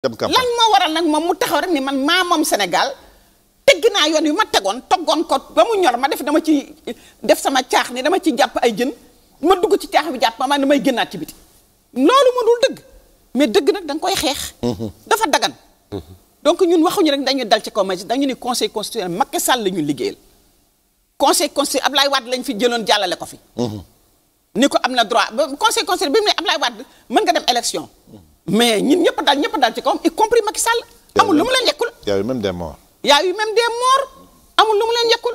lan moo waral nag moom mu taxaw rek ni man maa moom Sénégal tegg naa yoon yu ma tegoon toggoon ko ba mu ñor ma def dama ci def sama caax ni dama ci jàpp ay jën ma dugg ci caax bi jàpp ma man damay génnaat ci loolu mu dëgg mais dëgg nag da koy xeex mm-hmm. dafa dagan mm-hmm. donc ñun waxuñu rek dañuy dal ci kaw magis dañu ni conseil constitutionnel Macky Sall la ñu liggéeyal conseil constitutionnel Ablaye Wade lañ fi jëloon jàllale ko fi mm-hmm. ni ko am na droit conseil constitutionnel bi mu ne Ablaye Wade mën nga dem élection mais ñun ñëpp daal ñëpp daal ci kawam y compris Macky Sall amul lu mu leen yekkul y a eu même des morts y a amul lu mu leen yekkul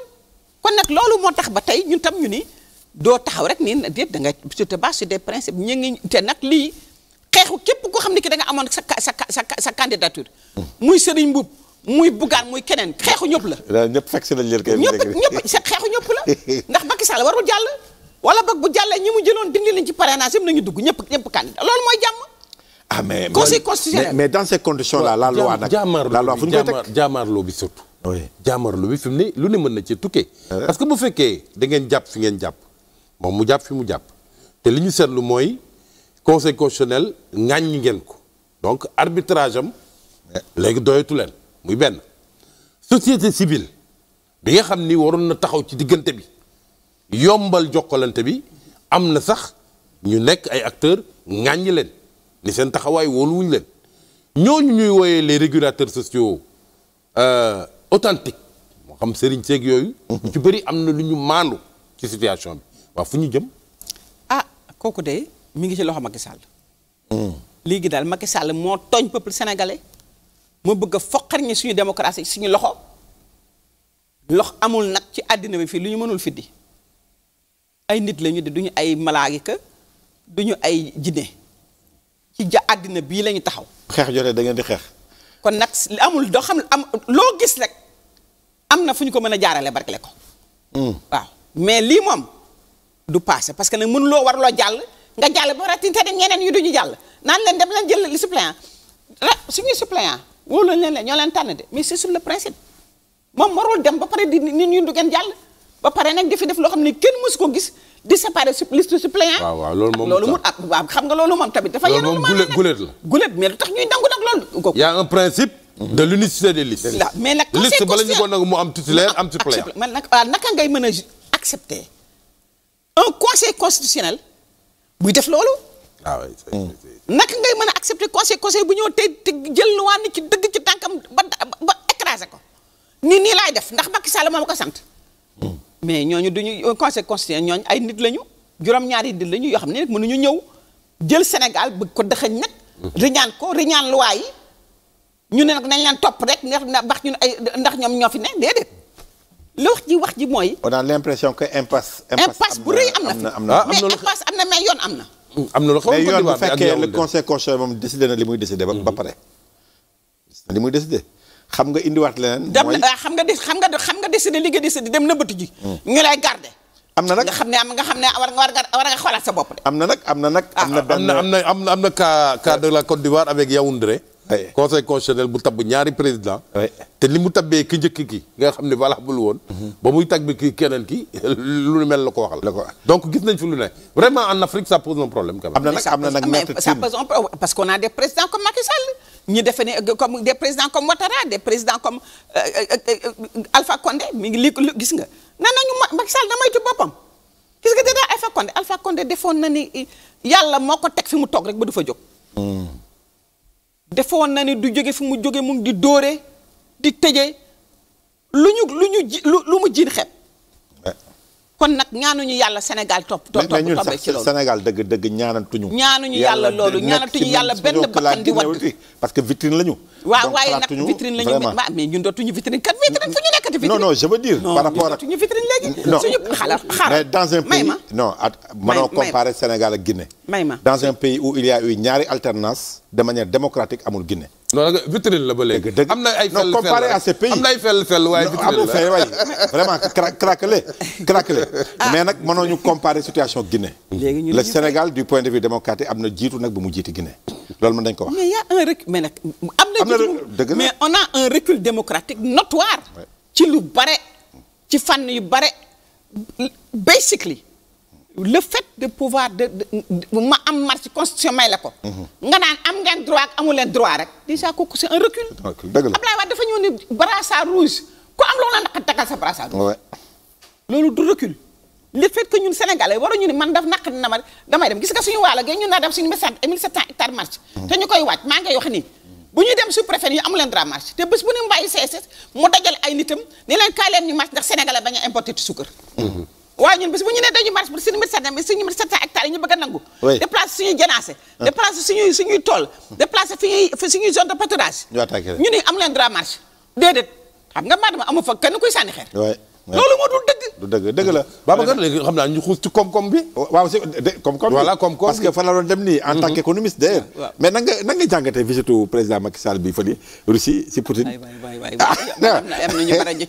kon nag loolu moo tax ba tey ñun tam ñu nii doo taxaw rek nii déet da nga sur te base sur des principes ñu te nag lii xeexu képp koo xam ne ki da nga amoon sa sa sa sa candidature muy Serigne Mboup muy Bougane muy keneen xeexu ñëpp la ñëpp fekk xeexu ñëpp la ndax Macky Sall warul jàll wala boog bu jàllee ñi mu jëloon dindi leen ci parrainage yëpp nañu dugg ñëpp ñëpp candidat loolu mooy jàmm ah mais conseil constitutionnel mais dans ces conditions là la loi nag la loi fu ñu koy teg jaamaarloo bi surtout. jaamaarloo bi fi mu lu ne mën na ci tukkee. Euh. parce que bu fekkee dangeen jàpp fi ngeen jàpp moom mu jàpp fi mu jàpp te li ñu seetlu mooy conseil constitutionnel ŋàññi ngeen ko donc arbitrage am léegi doyatu leen muy benn société civile bi nga xam ni waroon na taxaw ci diggante bi yombal jokkalante bi am na sax ñu nekk ay acteurs ŋàññi leen. ni seen taxawaay wuñ leen ñooñu ñuy wooyee les régulateurs sociaux euh, authentiques moo xam sëriñ seeg yooyu. Mhm. ci bëri am na lu ñu maandu ci situation bi waaw fu ñu jëm. ah kooku de mu ngi ci loxo Macky Sall. Hmm. léegi daal Macky moo tooñ peuple sénégalais moo bëgg a foqar ñi suñu démocratie suñu loxo lox amul nag ci àddina bi fii lu ñu mënul fiddi ay nit lañu ñu di du ñu ay malaaka du ñu ay jinne ci ja àddina bii la ñu taxaw. xeex jotee da di xeex. kon nag li amul doo xam am loo gis rek am na fu ñu ko mën a jaarale barkele ko. Hmm. waaw mais lii moom du passé parce que nag mënu loo jàll nga jàll ba war a tinte dem ñeneen yu duñu jàll naan leen dem leen jël li suppléant suñuy suppléant wóolu leen leen ñoo leen tànn de mais c'est sur le principe moom warul dem ba pare di nit ñu du ngeen jàll. ba pare nag fi def loo xam ne kenn mësu ko gis di séparer liste suppléant. waaw loolu moom loolu mu ah waaw xam nga loolu moom tamit. dafa yéen a lu gulet gulet la. gulet mais lu tax ñuy dangu a un principe. de l'unicité des listes. mais nag conseil liste bala ñu ko nangu mu am titulaire ah, am suppléant. man nag waaw ah, naka ngay mën a accepter un conseil constitutionnel buy def loolu. ah naka ngay mën a accepter conseil conseil bu ñëw te te jël waa ni ci dëgg ci tànkam ba ba écraser ko ni nii laay def ndax Macky Sall moom ko sant. mais ñooñu du ñu conséquence ñooñu ay nit lañu juróom-ñaari nit lañu yoo xam ne nag mënuñu ñëw jël Sénégal bëgg ko dëxañ nag. riñaan ko riñaan loi yi ñu ne nag nañ leen topp rek ndax ñun ay ndax ñoom ñoo fi ne déedéet. li wax ji wax ji mooy. on a l'impression que impasse. impasse bu rëy am na am na am na mais impasse am na mais yoon am na. Mm, am na lu xaw mais yoon bu fekkee le conseil constitutionnel moom décidé na li muy décidé. ba mm-hmm. pare li muy décidé. xam nga indiwaat leneen. mooy ah, xam nga des xam nga xam nga décidé li hmm. nga décidé dem na bëtt ji. ñu lay garder. am na nag nga xam ne am nga xam ne war nga war nga sa bopp am na nag am na nag. am na ah, benn am na am na cas cas de la Côte d'Ivoire avec Yaoundé. conseil constitutionnel bu tabb ñaari président te li mu tabbee ki njëkk ki nga xam ne valable woon mhm. ba muy tag bi ki keneen ki lu mel la ko waxal donc gis nañ fi lu ne vraiment en Afrique ça pose un problème quand am na nag mais ça pose un a des présidents comme Macky Sall defe ne euh, comme des présidents comme Ouattara des présidents comme euh, euh, Alpha mi ngi li gis nga nan nañu Macky Sall na moytu boppam gis nga dada Alpha Condé Alpha Condé defoon na ni yàlla moo ko teg fi mu toog rek ba du fa jóg hmm. defoon na ne du jóge fu mu jóge mu di dóore di tëje lu ñu lu ñu ji lu mu jiin xet kon nag ñaanuñu yàlla Sénégal topp topp topp ci loolu Sénégal dëgg dëgg ñaana ñaanuñu yàlla loolu ñaanatuñu yàlla benn bakkan di wadd parce que vitrine la ñu waaw waaye nag vitrine la ñu waaw mais ñun dootuñu vitrine kat vitrine fu ñu nekkati vitrine non non je veux dire par rapport ak ñu vitrine léegi suñu xala xaar mais dans un pays non at mënoo comparer Sénégal ak Guinée may ma dans un pays où il y a eu ñaari alternance de manière démocratique amul Guinée non vitrine la ba léegi. dëgg am na ay fell comparé à ces pays am na ay fell fell waaye vitrine la am na fell waaye vraiment cra craquelé ah. mais nag mënoo ñu comparer situation Guinée. le Sénégal du point de vue démocratique am na jiitu nag bu mu jiiti Guinée. loolu mën nañu ko wax. mais y a un recul mais nag. am na dëgg mais on a un recul démocratique notoire. ci lu bare ci fànn yu bare basically le fait de pouvoir de ma am marche constitution may la ko. Mhm. nga naan am ngeen droit ak amu leen droit rek déjà kooku c'est un recul. dëgg la Ablaye dafa ñëw ni brassard rouge ku am loo la naq takkal sa brassard rouge. loolu du recul. le fait que ñun Sénégalais waruñu ne man daf naq na ma damay dem gis nga suñu waalo gee ñun naa dem suñu message 1700 hectares marche. Mhm. te ñu koy waaj maa ngi wax nii. bu ñuy dem sous-préfet ñu amu leen droit marche te bés bu ñu nitam ni leen kaay leen ñu marche ndax sénégalais bañ a importer ci waaye ñun bis bu ñu nee dañu marche pour suñu mille sept suñu mille sept cent hectares yi ñu bëgg a nangu déplacer suñuy janaase ah. déplacer suñuy suñuy tool ah. déplacer fi ñuy suñuy zone de ñu ni am leen droit marche déedéet xam nga maanaam amu fa kenn kuy sànni xeer loolu moo dul dëgg du dëgg dëgg la Babacar léegi xam naa ñu xuus ci koom-koom bi oh, waaw si koom-koom voilà koom-koom parce que fa la doon dem nii en tant mhm. qu'économiste d'ailleurs mais nan nga nan nga jàngatee président Macky Sall bi fële ah, na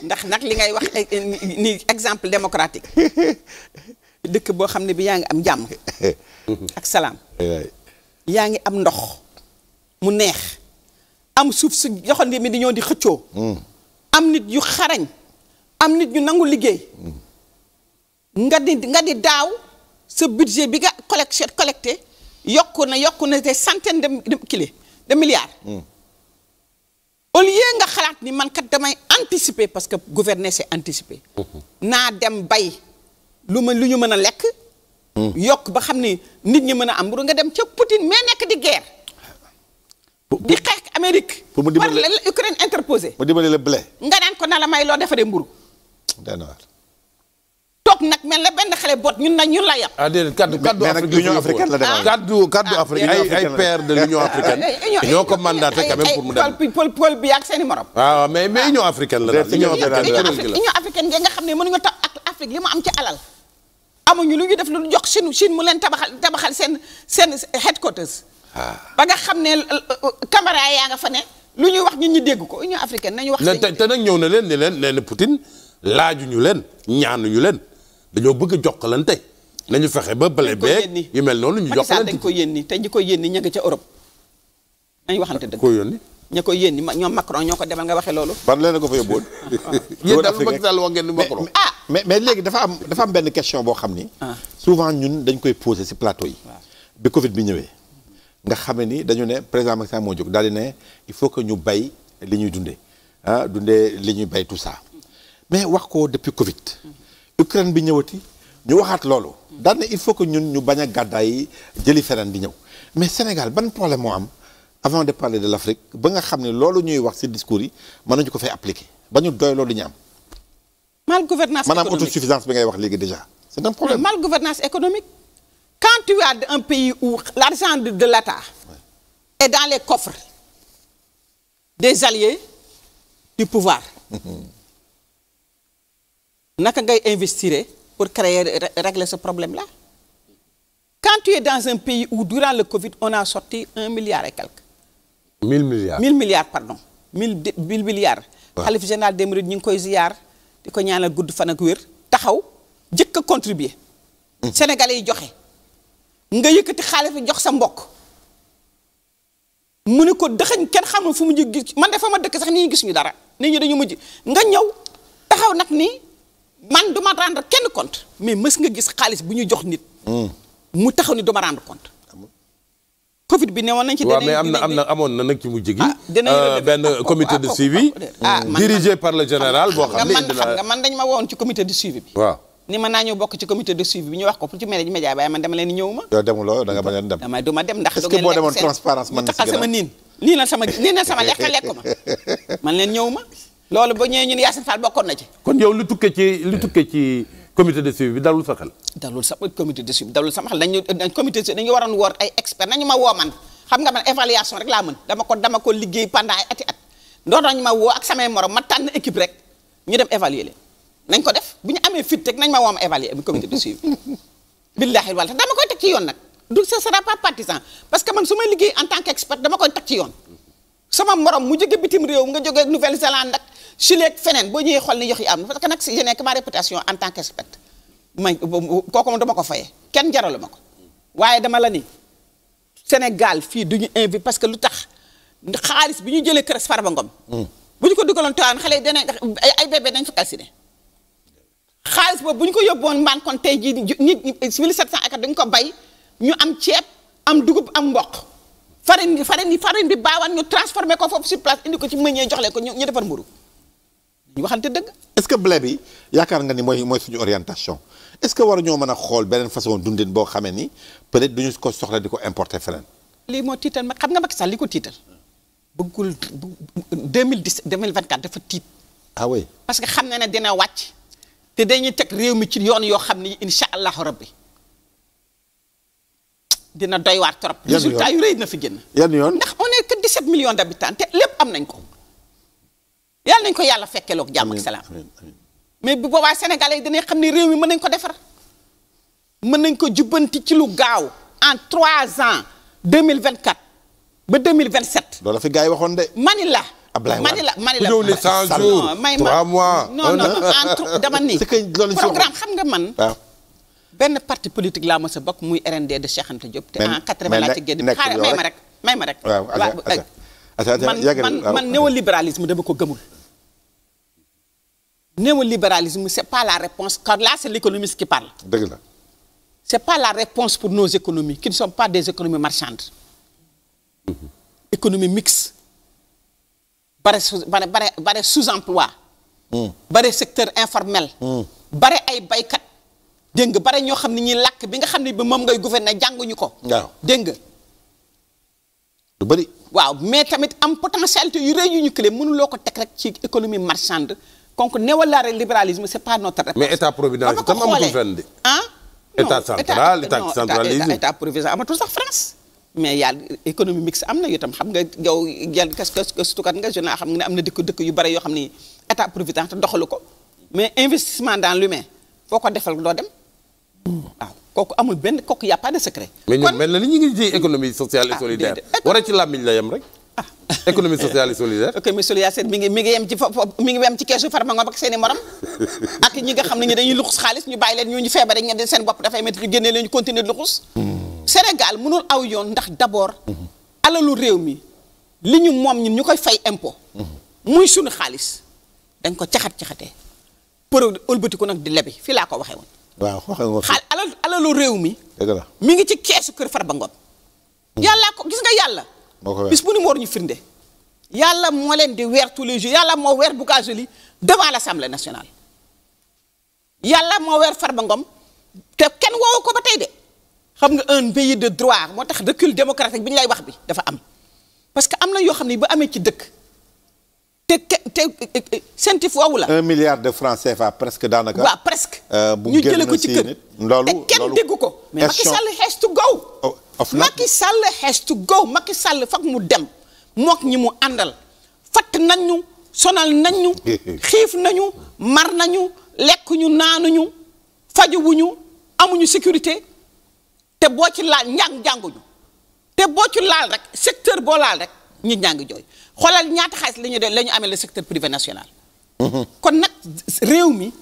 ndax nag li ngay wax eh, eh, ni exemple démocratique dëkk boo xam ne bi yaa ngi am jàmm ak salaam yaa ngi am ndox mu neex am suuf su joxande mi di ñoo di xëccoo mm. am nit yu xarañ am nit yu nangu liggéey mm. nga di nga di daaw sa budget bi nga collecté collecté yokku na yokk na te centaine de kile de milliards mm. ni man kat damay anticiper parce que gouverner c'est anticiper. naa dem bay lu ma lu ñu mën a lekk. yokk ba xam ni nit ñi mën a am nga dem ca Poutine mais nekk di guerre. di xeex Amérique. pour mu dimbali la Ukraine interposé. mu dimbali la blé. nga naan ko na la may loo defaree mburu. mel ne benn xale bot ñun na ñun la yem. ah déedéet kaddu kaddu africaine la demee kaddu kaddu ah, africaine de l' union africaine. ñoo ko mandaté quand même pour mu dem pôle pôle bi ak seen i morom. Ah, waaw mais nga xam ne mënuñu tax ak Afrique li mu am ci alal. amuñu lu ñu def ñu jox Chine Chine mu leen tabaxal tabaxal seen seen headquarters. Ah. ba nga xam ne euh, euh, caméra yaa nga fa ne lu ñuy wax ñun ñu dégg ko union africaine nañu wax. te nag ñëw na leen ne leen nee na laajuñu leen ñaanuñu leen. dañoo bëgg a jokkalante nañu fexe ba bële beeg yu mel noonu ñu jokkalante dañ ko yénni te ñi ko yénni ña nga ca Europe nañu waxante dëgg ko yónni ña ko yénni ñoom Macron ñoo ko demal nga waxee loolu ban leen ko fa yóbboon ah, ah. yéen daal bëgg daal wax ngeen ni Macron ah mais mais léegi dafa am dafa am benn question boo xam ni ah. souvent ñun dañ koy posé ci plateau yi bi Covid bi ñëwee nga xame ni dañu ne président Macky Sall moo jóg daal di ne il faut que ñu bay li ñuy dundee dundee li ñu bay tout ça mais wax ko depuis Covid mm-hmm. Ukraine bi ñëwati ñu waxaat loolu. daan na il faut que ñun ñu bañ a gàddaay jëli feneen di ñëw mais Sénégal ban problème moo am avant de parler de l' Afrique ba nga xam ne loolu ñuy wax ci discours yi mënuñu ko fay appliquer ba ñu doy loolu ñu am. mal gouvernance économique maanaam autosuffisance bi ngay wax léegi déjà. c' est un problème mal gouvernance économique. quand tu as un pays où l' de l' État est dans les coffres des alliés du pouvoir. naka ngay investire pour créer régler ce problème la quand tu dans un pays où durant le Covid on a sorti un milliard et quelque. mille milliards mille milliards pardon mille mille milliards. waaw xalif général des mourides ñu ngi koy ziyaar di ko ñaanal gudd fan ak wér. taxaw jëkk a contribuer. Mm. Sénégalais yi joxe. nga yëkkati xaalis jox sa mbokk. mu ne ko dëxañ kenn xamul fu mu gis man de ma dëkk sax nii gis ñu dara nit ñi dañu mujj nga ñëw taxaw nag nii. man du ma rendre kenn compte mais mës nga gis xaalis bu ñu jox nit. Hmm. mu taxaw ni du ma compte. Covid bi newoon nañ ci danañ. waaw mais am na na amoon na nag ci mujj gi. ah euh, benn ah, comité de ah, suivi. Ah, dirigé par le général boo xam nga man dañ ma woon ci comité de suivi bi. waaw ni ma naa ñëw bokk ci comité de suivi bi ñu wax ko pour ci mel ni média man dama leen ñëw ma. yow demuloo da nga bañ a dem. damay du ma dem ndax. est-ce que boo demoon transparence mën na si a niin. nii na sama nii na sama ma man leen ñëw ma. loolu ba ñëwee ñun Yacine Fall bokkoon na ci. kon yow lu tukkee ci lu tukkee ci comité de suivi bi dalul sa xel. dalul sa comité sama xel dañu dañ comité dañu waroon woor ay expert nañu ma woo man xam nga man évaluation rek laa mën dama ko dama ko liggéey pendant ay ati at ndox dañu ma woo ak samay morom ma tànn équipe rek ñu dem évaluer leen nañ ko def bu ñu amee fit rek nañ ma woo ma évaluer de suivi billahi wala dama yoon nag du ce sera pas partisan parce que man su may liggéey en tant qu'expert dama koy teg ci su ak feneen boo ñëwee xool ni yox yi am parce que nag je n'ai que ma réputation en tant qu'expert may kooku dama ko fayee kenn jaralu ma ko waaye dama la ni Sénégal fii du ñu invité parce que lu tax xaalis bi ñu jëlee kër Farba Ngom. Hmm. bu ñu ko dugaloon Tiwaawan xale yi ay bébé dañ fa calciné. xaalis boobu ñu ko yóbbuwoon mbaan kon tey jii nit ñi 1700 acres dañ ko bay ñu am ceeb am dugub am mboq. farine farine farine bi baawaan ñu transformé ko foofu sur place indi ko ci meññee jox ko ñu defar mburu ñu waxante dëgg. est-ce que blé bi yaakaar nga ni mooy mooy suñu orientation est que war ñoo mën a xool beneen façon dundin boo xamee ni peut-être duñu ko soxla di ko importer feneen. lii moo tiital ma xam nga Macky Sall li ko tiital. bëggul deux mille dix deux mille vingt quatre dafa tiit. ah oui parce que xam na ne dina wàcc. te dañuy teg réew mi ci yoon yoo xam ni incha allahu rabbi dina doy waar trop. résultat yu rëy na fi génn. yan yoon ndax on est que 17 millions d'habitants lépp am nañ ko. yàlla nañ ko yàlla fekkeeloog jàmm ak salaam mais bu boobaa sénégalais yi dinañ xam ni réew mi mën nañ ko defar mën nañ ko jubbanti ci lu gaaw en trois ans deux mille vingt quatre ba deux mille vingt sept. loolu la fi gars yi waxoon de. mani la Ablaye la mani la ku dama ni. programme xam nga man. benn parti politique laa mos a bokk muy RND de Cheikh Anta Diop. te en quatre vingt laa ci génn. may rek man ah. man néolibéralisme dama ko gëmul. néolibéralisme c' est pas la réponse car là c' ki par économiste qui parle. dëgg la. c' est pas la réponse pour nos économies qui ne sont pas des économies marchandes. Mm -hmm. économie bare su bare bare bare sous-emploi. Mm. bare secteur informel. Mm. bare ay baykat. dégg nga bare ñoo xam ne ñi làkk bi nga xam ne bi moom ngay gouverner jànguñu ko. waaw lu bëri. waaw mais tamit am potentialité yu rëy yu ñu clé mënuloo ko teg rek ci économie marchande konk newalaare libéralisme c'est pas notre réponse. mais état providence tam amatul fenn de. ah état état centralisé non état sax France. mais yàlla économie mixte am na yow itam xam nga yow yàlla kas kas sutukat nga jeune xam nga ne am na dëkk dëkk yu bare yoo xam ni état providence doxalu ko mais investissement dans l'humain foo ko defal doo dem hmm. ah. kooku amul benn kooku y' a pas de secret. mais ñoom mel na ni ñu ngi ji économie sociale et ah, solidaire. war a ci làmmiñ la yem rek. Ah. économie sociale et solidaire. économie solidaire seen morom ak ñi nga xam ne dañuy luxus xaalis ñu bàyyi leen ñu ñu feebar rek ñu seen bopp dafay métti ñu génnee leen ñu continuer luxus. Hmm. Sénégal mënul aw yoon ndax d' alalu réew mi li ñu moom ñun ñu koy fay impôt. Hmm. muy sunu xaalis dañ ko caxat caxatee. pour ëlbatiku nag di lebi fii laa ko waxee alalu réew mi. dëgg ngi ci keesu kër Farba Ngom. Hmm. yàllaa ko gis nga yàlla. bis bu ni moo ñu firnde. yàlla moo leen di weer tous les jours yàlla moo weer Bougazelli devant l' assemblée nationale. yàlla moo weer Farba Ngom te kenn woowu ko ba tey de xam nga un pays de droit moo tax recul démocratique bi ñu lay wax bi dafa am parce que am na yoo xam ne ba amee ci dëkk. te te te sentif woowu la. un milliard de francais CFA presque daanaka. waaw presque. Euh, bu ñu jëlee ko ci kër loolu te kenn dégg ko. mais Macky Sall has to go. Oh, of Macky Sall has to fag mu dem mook ñi mu àndal fatt nañu sonal nañu xiif nañu mar nañu lekkuñu naanuñu fajuwuñu amuñu sécurité te boo ci laal njàng jànguñu te boo ci laal rek secteur boo laal rek. nit ñaa ngi jooy xoolal ñaata xaalis la ñu de la ñu amee le secteur privé national. Mhm. kon nag réew mi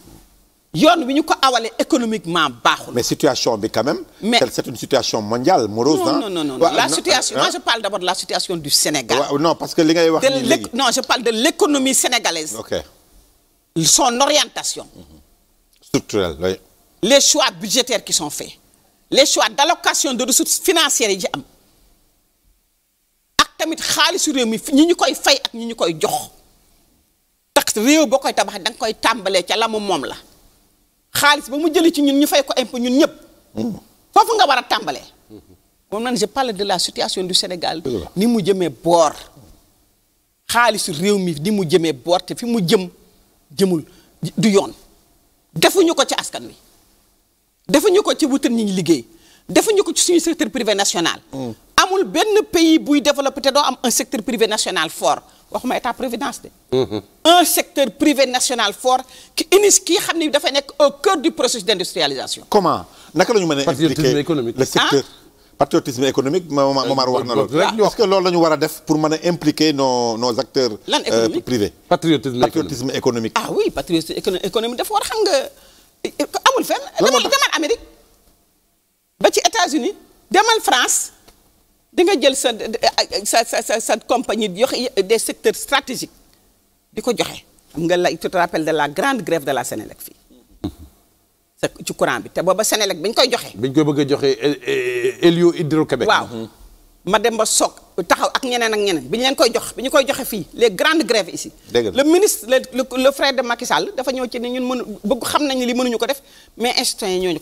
yoon wi ñu ko awalee économiquement baaxul. mais situation bi quand même. mais c'est une situation mondiale morose. non non non la situation moi je parle d'abord de la situation du Sénégal. non parce que li ngay wax nii léegi non je parle de l'économie sénégalaise. ok son orientation. Mhm. structurelle oui. les choix budgétaires qui son faits les choix d'allocation de ressources financières yi am. tamit xaalisu réew mi ñi ñu koy fay ak ñu ñu koy jox tax réew boo koy tabax danga koy tàmbalee ca la mu moom la xaalis ba mu jëli ci ñun ñu fay ko impôt ñun ñëpp foofu nga war a tàmbalee moom naan je parle de la situation du Sénégal ni mu jëmee boor xaalisu réew mi ni mu jëmee boor te fi mu jëm jëmul du yoon defuñu ko ci askan wi defuñu ko ci wutal ñi liggéey defuñu ko ci suñu secteur privé national mm. amul benn pays buy développé te doo am un secteur privé national fort waxuma état providence de. Mm-hmm. un secteur privé national fort ki unis kii xam ni dafa nekk au cœur du processus d'industrialisation. comment naka la ñu mën a. patriotisme économique le secteur. Ah. patriotisme économique Momar Momar wax na loolu. est-ce que loolu la ñu war a def pour mën a impliquer nos acteurs. lan euh, économique privés. patriotisme économique ah oui patriotisme économique dafa war xam nga amul fenn. demal Amérique di nga jël sa sa sa sa compagnie jox des secteurs stratégiques di ko joxe. xam nga la tu te rappelles de la grande grève de la Sénélec fii ci courant bi te booba Sénélec bi ñu koy joxe. bi ñu bëgg a joxe e, Elio Hydro-Québec. waaw ma dem ba soog ñu koy jox bi ñu koy joxe fii les grandes grèves ici. le ministre le le frère de Macky Sall dafa ñëw ci ne ñun mënu bëgg xam nañ li mënuñu ko def mais institutions yi ñooñu